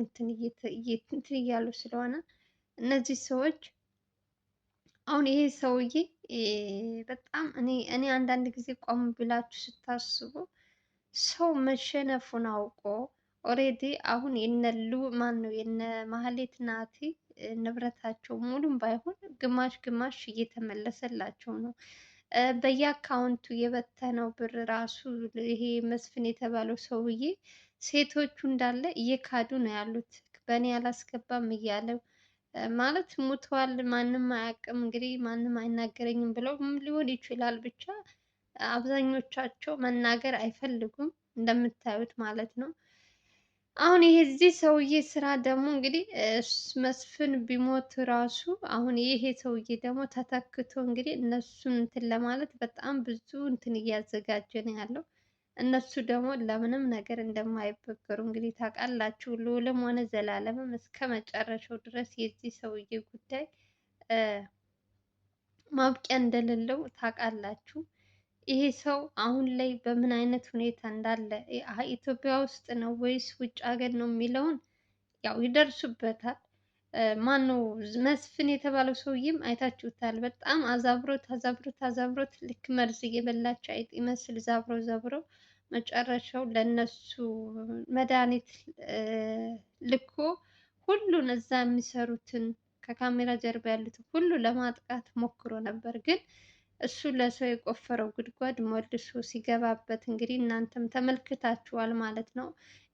እንትን እያሉ ስለሆነ እነዚህ ሰዎች አሁን ይሄ ሰውዬ በጣም እኔ እኔ አንዳንድ ጊዜ ቆም ብላችሁ ስታስቡ ሰው መሸነፉን አውቆ ኦሬዲ አሁን የነሉ ማን ነው የነ ማህሌት ናቲ ንብረታቸው ሙሉም ባይሆን ግማሽ ግማሽ እየተመለሰላቸው ነው። በየአካውንቱ የበተነው ብር ራሱ ይሄ መስፍን የተባለው ሰውዬ ሴቶቹ እንዳለ እየካዱ ነው ያሉት። በእኔ አላስገባም እያለ ማለት ሙተዋል፣ ማንም አያውቅም፣ እንግዲህ ማንም አይናገረኝም ብለው ሊሆን ይችላል። ብቻ አብዛኞቻቸው መናገር አይፈልጉም እንደምታዩት ማለት ነው። አሁን ይሄ እዚህ ሰውዬ ስራ ደግሞ እንግዲህ መስፍን ቢሞት ራሱ አሁን ይሄ ሰውዬ ደግሞ ተተክቶ እንግዲህ እነሱን እንትን ለማለት በጣም ብዙ እንትን እያዘጋጀ ነው ያለው። እነሱ ደግሞ ለምንም ነገር እንደማይበገሩ እንግዲህ ታውቃላችሁ። ልዑልም ሆነ ዘላለምም እስከ መጨረሻው ድረስ የዚህ ሰውዬ ጉዳይ ማብቂያ እንደሌለው ታውቃላችሁ። ይሄ ሰው አሁን ላይ በምን አይነት ሁኔታ እንዳለ ኢትዮጵያ ውስጥ ነው ወይስ ውጭ ሀገር ነው የሚለውን ያው ይደርሱበታል። ነው መስፍን የተባለው ሰውዬም አይታችሁታል። በጣም አዛብሮት አዛብሮት አዛብሮት ልክ መርዝ እየበላቸው አይጥ ይመስል ዛብሮ ዛብሮ መጨረሻው ለነሱ መድኃኒት ልኮ ሁሉን እዛ የሚሰሩትን ከካሜራ ጀርባ ያሉትን ሁሉ ለማጥቃት ሞክሮ ነበር። ግን እሱ ለሰው የቆፈረው ጉድጓድ መልሶ ሲገባበት እንግዲህ እናንተም ተመልክታችኋል ማለት ነው።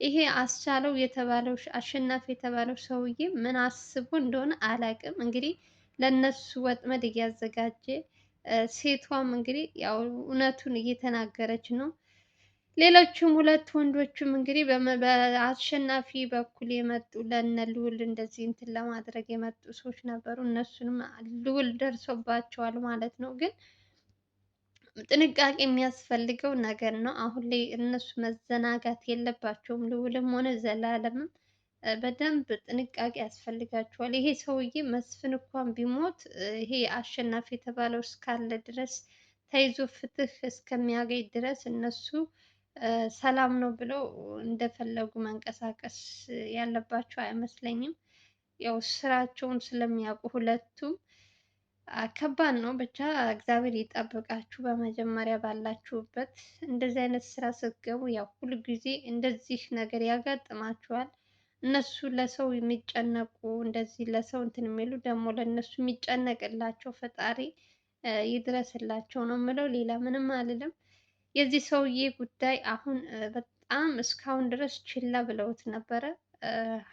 ይሄ አስቻለው የተባለው አሸናፊ የተባለው ሰውዬ ምን አስቦ እንደሆነ አላቅም እንግዲህ ለነሱ ወጥመድ እያዘጋጀ ሴቷም እንግዲህ ያው እውነቱን እየተናገረች ነው። ሌሎችም ሁለት ወንዶችም እንግዲህ በአሸናፊ በኩል የመጡ ለነ ልዑል እንደዚህ እንትን ለማድረግ የመጡ ሰዎች ነበሩ። እነሱንም ልዑል ደርሶባቸዋል ማለት ነው። ግን ጥንቃቄ የሚያስፈልገው ነገር ነው። አሁን ላይ እነሱ መዘናጋት የለባቸውም። ልዑልም ሆነ ዘላለምም በደንብ ጥንቃቄ ያስፈልጋቸዋል። ይሄ ሰውዬ መስፍን እንኳን ቢሞት ይሄ አሸናፊ የተባለው እስካለ ድረስ ተይዞ ፍትህ እስከሚያገኝ ድረስ እነሱ ሰላም ነው ብለው እንደፈለጉ መንቀሳቀስ ያለባቸው አይመስለኝም። ያው ስራቸውን ስለሚያውቁ ሁለቱም ከባድ ነው። ብቻ እግዚአብሔር ይጠብቃችሁ። በመጀመሪያ ባላችሁበት እንደዚህ አይነት ስራ ስትገቡ ያው ጊዜ እንደዚህ ነገር ያጋጥማችኋል። እነሱ ለሰው የሚጨነቁ እንደዚህ ለሰው እንትን የሚሉ ደግሞ ለእነሱ የሚጨነቅላቸው ፈጣሪ ይድረስላቸው ነው የምለው። ሌላ ምንም አልልም። የዚህ ሰውዬ ጉዳይ አሁን በጣም እስካሁን ድረስ ችላ ብለውት ነበረ።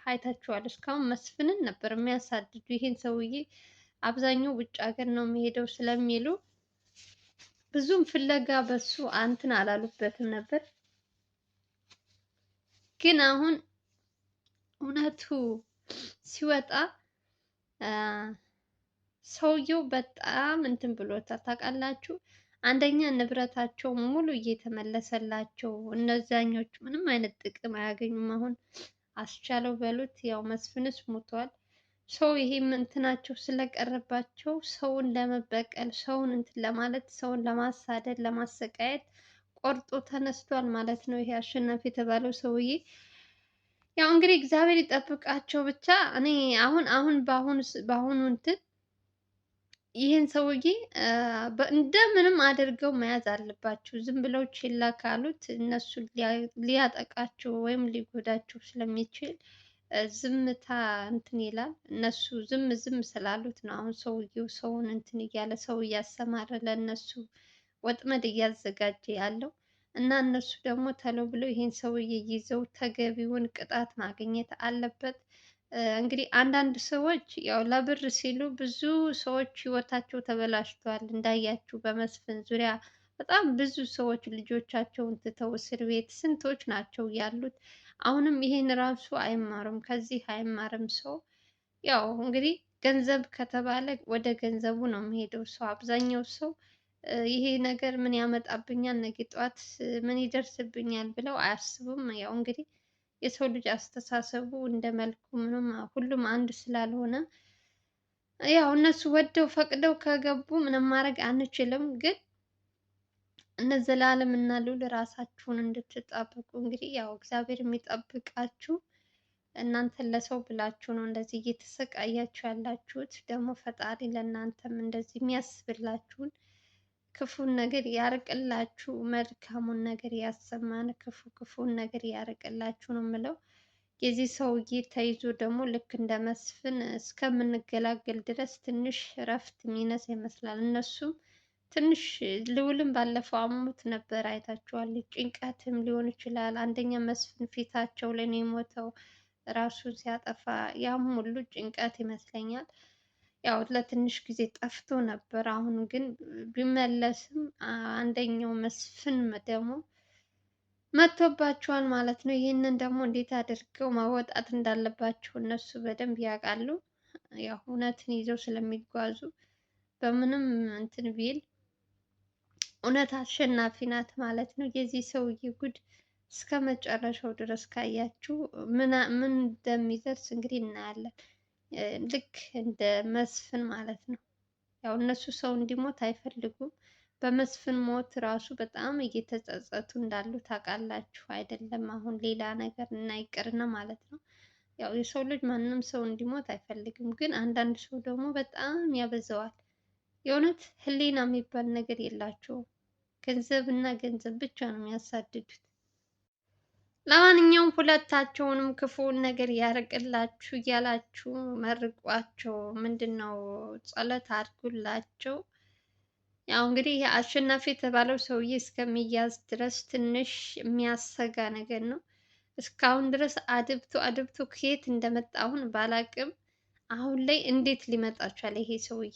አይታችኋል። እስካሁን መስፍንን ነበር የሚያሳድዱ። ይህን ሰውዬ አብዛኛው ውጭ ሀገር ነው የሚሄደው ስለሚሉ ብዙም ፍለጋ በሱ አንትን አላሉበትም ነበር። ግን አሁን እውነቱ ሲወጣ ሰውየው በጣም እንትን ብሎታል። ታውቃላችሁ አንደኛ ንብረታቸው ሙሉ እየተመለሰላቸው፣ እነዛኞቹ ምንም አይነት ጥቅም አያገኙም። አሁን አስቻለው በሉት ያው መስፍንስ ሙቷል። ሰው ይሄም እንትናቸው ስለቀረባቸው ሰውን ለመበቀል ሰውን እንትን ለማለት ሰውን ለማሳደድ ለማሰቃየት ቆርጦ ተነስቷል ማለት ነው። ይሄ አሸናፊ የተባለው ሰውዬ ያው እንግዲህ እግዚአብሔር ይጠብቃቸው ብቻ። እኔ አሁን አሁን በአሁኑ እንትን ይህን ሰውዬ እንደምንም አድርገው መያዝ አለባቸው። ዝም ብለው ችላ ካሉት እነሱ ሊያጠቃቸው ወይም ሊጎዳቸው ስለሚችል ዝምታ እንትን ይላል። እነሱ ዝም ዝም ስላሉት ነው አሁን ሰውዬው ሰውን እንትን እያለ ሰው እያሰማረ ለእነሱ ወጥመድ እያዘጋጀ ያለው እና እነሱ ደግሞ ተለው ብለው ይህን ሰውዬ ይዘው ተገቢውን ቅጣት ማግኘት አለበት። እንግዲህ አንዳንድ ሰዎች ያው ለብር ሲሉ ብዙ ሰዎች ህይወታቸው ተበላሽቷል። እንዳያችሁ በመስፍን ዙሪያ በጣም ብዙ ሰዎች ልጆቻቸውን ትተው እስር ቤት ስንቶች ናቸው ያሉት። አሁንም ይሄን ራሱ አይማርም፣ ከዚህ አይማርም ሰው። ያው እንግዲህ ገንዘብ ከተባለ ወደ ገንዘቡ ነው የሚሄደው ሰው። አብዛኛው ሰው ይሄ ነገር ምን ያመጣብኛል፣ ነገ ጠዋት ምን ይደርስብኛል ብለው አያስቡም። ያው እንግዲህ የሰው ልጅ አስተሳሰቡ እንደ መልኩ ምንም ሁሉም አንድ ስላልሆነ ያው እነሱ ወደው ፈቅደው ከገቡ ምንም ማድረግ አንችልም። ግን እነ ዘላለም እና ልዑል ራሳችሁን እንድትጠብቁ እንግዲህ ያው እግዚአብሔር የሚጠብቃችሁ እናንተን ለሰው ብላችሁ ነው እንደዚህ እየተሰቃያችሁ ያላችሁት። ደግሞ ፈጣሪ ለእናንተም እንደዚህ የሚያስብላችሁን ክፉን ነገር ያርቅላችሁ፣ መልካሙን ነገር ያሰማን፣ ክፉ ክፉን ነገር ያርቅላችሁ ነው የምለው። የዚህ ሰውዬ ተይዞ ደግሞ ልክ እንደ መስፍን እስከምንገላገል ድረስ ትንሽ እረፍት የሚነሳ ይመስላል። እነሱም ትንሽ ልውልም ባለፈው አሙት ነበር አይታችኋል። ጭንቀትም ሊሆን ይችላል። አንደኛ መስፍን ፊታቸው ላይ ነው የሞተው ራሱን ሲያጠፋ፣ ያም ሁሉ ጭንቀት ይመስለኛል። ያው ለትንሽ ጊዜ ጠፍቶ ነበር። አሁን ግን ቢመለስም አንደኛው መስፍን ደግሞ መጥቶባቸዋል ማለት ነው። ይህንን ደግሞ እንዴት አድርገው ማወጣት እንዳለባቸው እነሱ በደንብ ያውቃሉ። ያው እውነትን ይዘው ስለሚጓዙ በምንም እንትን ቢል እውነት አሸናፊ ናት ማለት ነው። የዚህ ሰውዬ ጉድ እስከ መጨረሻው ድረስ ካያችሁ ምን እንደሚደርስ እንግዲህ እናያለን። ልክ እንደ መስፍን ማለት ነው። ያው እነሱ ሰው እንዲሞት አይፈልጉም። በመስፍን ሞት ራሱ በጣም እየተጸጸቱ እንዳሉ ታውቃላችሁ አይደለም? አሁን ሌላ ነገር እና ይቅርና ማለት ነው። ያው የሰው ልጅ ማንም ሰው እንዲሞት አይፈልግም። ግን አንዳንድ ሰው ደግሞ በጣም ያበዛዋል። የእውነት ህሊና የሚባል ነገር የላቸውም። ገንዘብ እና ገንዘብ ብቻ ነው የሚያሳድዱት። ለማንኛውም ሁለታቸውንም ክፉውን ነገር ያርቅላችሁ እያላችሁ መርቋቸው፣ ምንድን ነው ጸሎት አድርጉላቸው። ያው እንግዲህ አሸናፊ የተባለው ሰውዬ እስከሚያዝ ድረስ ትንሽ የሚያሰጋ ነገር ነው። እስካሁን ድረስ አድብቶ አድብቶ ከየት እንደመጣ አሁን ባላቅም፣ አሁን ላይ እንዴት ሊመጣ ቻለ ይሄ ሰውዬ?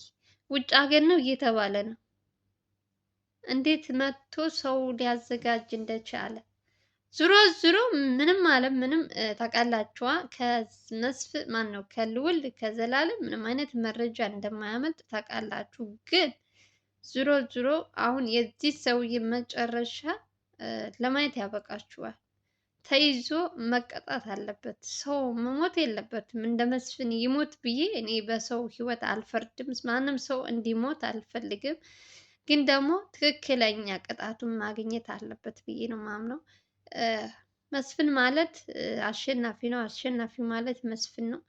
ውጭ ሀገር ነው እየተባለ ነው። እንዴት መጥቶ ሰው ሊያዘጋጅ እንደቻለ ዝሮ ዝሮ ምንም አለ ምንም ታውቃላችኋ። ከመስፍ ማን ነው ከልውል ከዘላለም ምንም አይነት መረጃ እንደማያመልጥ ታውቃላችሁ። ግን ዝሮ ዝሮ አሁን የዚህ ሰውዬ መጨረሻ ለማየት ያበቃችኋል። ተይዞ መቀጣት አለበት። ሰው መሞት የለበትም። እንደ መስፍን ይሞት ብዬ እኔ በሰው ህይወት አልፈርድም። ማንም ሰው እንዲሞት አልፈልግም። ግን ደግሞ ትክክለኛ ቅጣቱን ማግኘት አለበት ብዬ ነው ማምነው። መስፍን ማለት አሸናፊ ነው። አሸናፊ ማለት መስፍን ነው።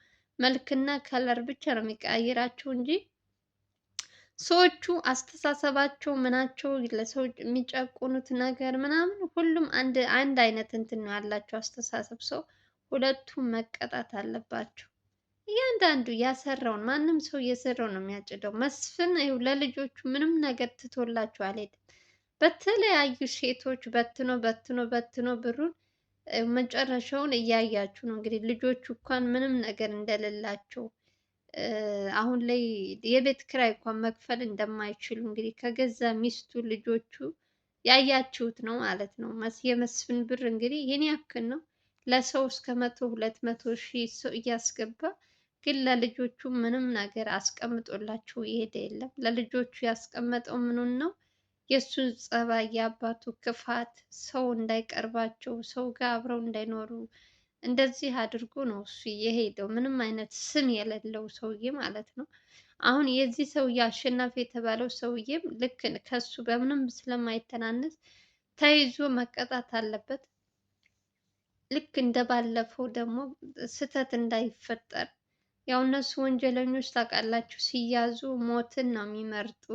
መልክና ከለር ብቻ ነው የሚቀያይራቸው እንጂ ሰዎቹ አስተሳሰባቸው ምናቸው ለሰው የሚጨቁኑት ነገር ምናምን ሁሉም አንድ አንድ አይነት እንትን ነው ያላቸው አስተሳሰብ። ሰው ሁለቱም መቀጣት አለባቸው። እያንዳንዱ ያሰራውን ማንም ሰው እየሰራው ነው የሚያጭደው። መስፍን ለልጆቹ ምንም ነገር ትቶላቸው አልሄድም። በተለያዩ ሴቶች በትኖ በትኖ በትኖ ብሩን መጨረሻውን እያያችሁ ነው። እንግዲህ ልጆቹ እንኳን ምንም ነገር እንደሌላቸው አሁን ላይ የቤት ክራይ እንኳን መክፈል እንደማይችሉ እንግዲህ ከገዛ ሚስቱ ልጆቹ ያያችሁት ነው ማለት ነው። የመስፍን ብር እንግዲህ ይህን ያክል ነው። ለሰው እስከ መቶ ሁለት መቶ ሺህ ሰው እያስገባ ግን ለልጆቹ ምንም ነገር አስቀምጦላቸው የሄደ የለም። ለልጆቹ ያስቀመጠው ምኑን ነው? የእሱ ጸባይ፣ የአባቱ ክፋት ሰው እንዳይቀርባቸው ሰው ጋር አብረው እንዳይኖሩ እንደዚህ አድርጎ ነው እሱ የሄደው። ምንም አይነት ስም የሌለው ሰውዬ ማለት ነው። አሁን የዚህ ሰውዬ አሸናፊ የተባለው ሰውዬም ልክ ከሱ በምንም ስለማይተናነስ ተይዞ መቀጣት አለበት። ልክ እንደባለፈው ደግሞ ስህተት እንዳይፈጠር ያው እነሱ ወንጀለኞች ታውቃላችሁ፣ ሲያዙ ሞትን ነው የሚመርጡ።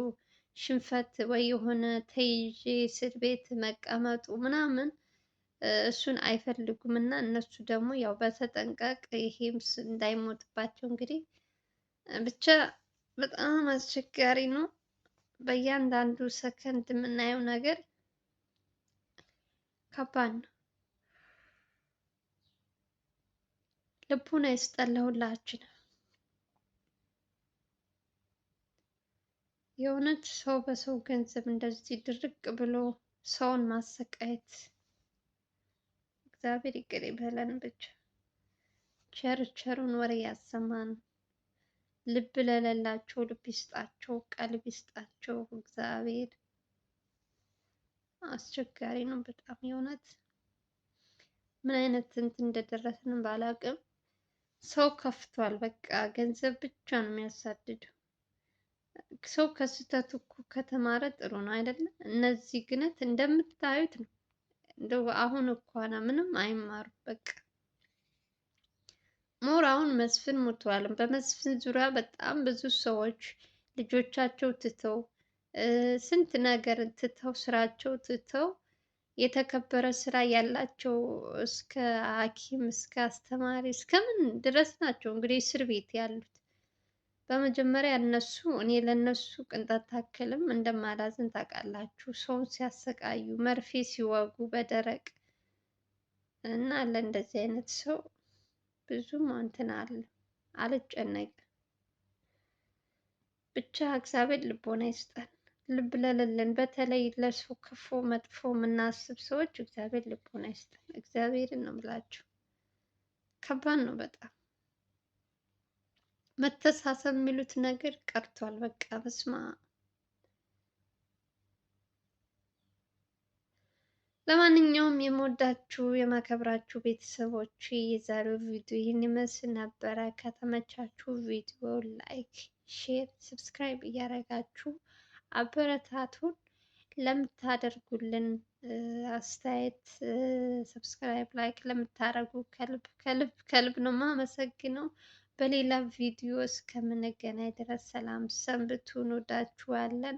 ሽንፈት ወይ የሆነ ተይዤ እስር ቤት መቀመጡ ምናምን እሱን አይፈልጉም እና እነሱ ደግሞ ያው በተጠንቀቅ ይሄም እንዳይሞትባቸው እንግዲህ ብቻ በጣም አስቸጋሪ ነው። በእያንዳንዱ ሰከንድ የምናየው ነገር ከባድ ነው። ልቡን አይስጠን የእውነት ሰው በሰው ገንዘብ እንደዚህ ድርቅ ብሎ ሰውን ማሰቃየት እግዚአብሔር ይቅር ይበለን። ብቻ ቸር ቸሩን ወሬ ያሰማን። ልብ ለሌላቸው ልብ ይስጣቸው፣ ቀልብ ይስጣቸው እግዚአብሔር። አስቸጋሪ ነው በጣም የእውነት ምን አይነት ትንት እንደደረስን ባላቅም ሰው ከፍቷል። በቃ ገንዘብ ብቻ ነው የሚያሳድደው። ሰው ከስህተቱ እኮ ከተማረ ጥሩ ነው አይደለ? እነዚህ ግነት እንደምታዩት ነው። እንደው አሁን እኳና ምንም አይማሩም በቃ ሞር አሁን መስፍን ሞተዋል። በመስፍን ዙሪያ በጣም ብዙ ሰዎች ልጆቻቸው ትተው ስንት ነገር ትተው ስራቸው ትተው የተከበረ ስራ ያላቸው እስከ ሐኪም እስከ አስተማሪ እስከምን ድረስ ናቸው እንግዲህ እስር ቤት ያሉት። በመጀመሪያ እነሱ እኔ ለነሱ ቅንጣት ታክልም እንደማላዝን ታውቃላችሁ። ሰውን ሲያሰቃዩ መርፌ ሲወጉ በደረቅ እና ለእንደዚህ አይነት ሰው ብዙም እንትን አለ አልጨነቅም። ብቻ እግዚአብሔር ልቦና ይስጠን፣ ልብ ለሌለን በተለይ ለሰው ክፉ መጥፎ የምናስብ ሰዎች እግዚአብሔር ልቦና ይስጠን። እግዚአብሔርን ነው የምላችሁ። ከባድ ነው በጣም መተሳሰብ የሚሉት ነገር ቀርቷል። በቃ በስማ ለማንኛውም የምወዳችሁ የማከብራችሁ ቤተሰቦች የዛሬው ቪዲዮ ይህን ይመስል ነበረ። ከተመቻችሁ ቪዲዮ ላይክ፣ ሼር፣ ሰብስክራይብ እያደረጋችሁ አበረታቱን። ለምታደርጉልን አስተያየት ሰብስክራይብ፣ ላይክ ለምታደርጉ ከልብ ከልብ ከልብ ነው የማመሰግነው። በሌላ ቪዲዮ እስከምንገናኝ ድረስ ሰላም ሰንብቱ። እንወዳችኋለን።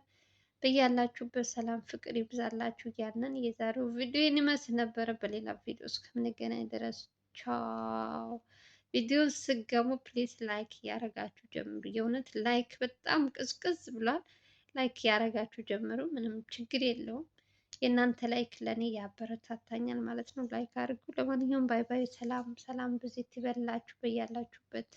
በያላችሁበት ሰላም ፍቅር ይብዛላችሁ እያልን የዛሬው ቪዲዮን ይመስል ነበረ። በሌላ ቪዲዮ እስከምንገናኝ ድረስ ቻው። ቪዲዮ ስገሙ ፕሊዝ ላይክ እያደረጋችሁ ጀምሩ። የእውነት ላይክ በጣም ቅዝቅዝ ብሏል። ላይክ እያደረጋችሁ ጀምሩ። ምንም ችግር የለውም። የእናንተ ላይክ ለእኔ ያበረታታኛል ማለት ነው። ላይክ አድርጉ። ለማንኛውም ባይ ባይ። ሰላም ሰላም፣ ብዙ ትበላችሁ በያላችሁበት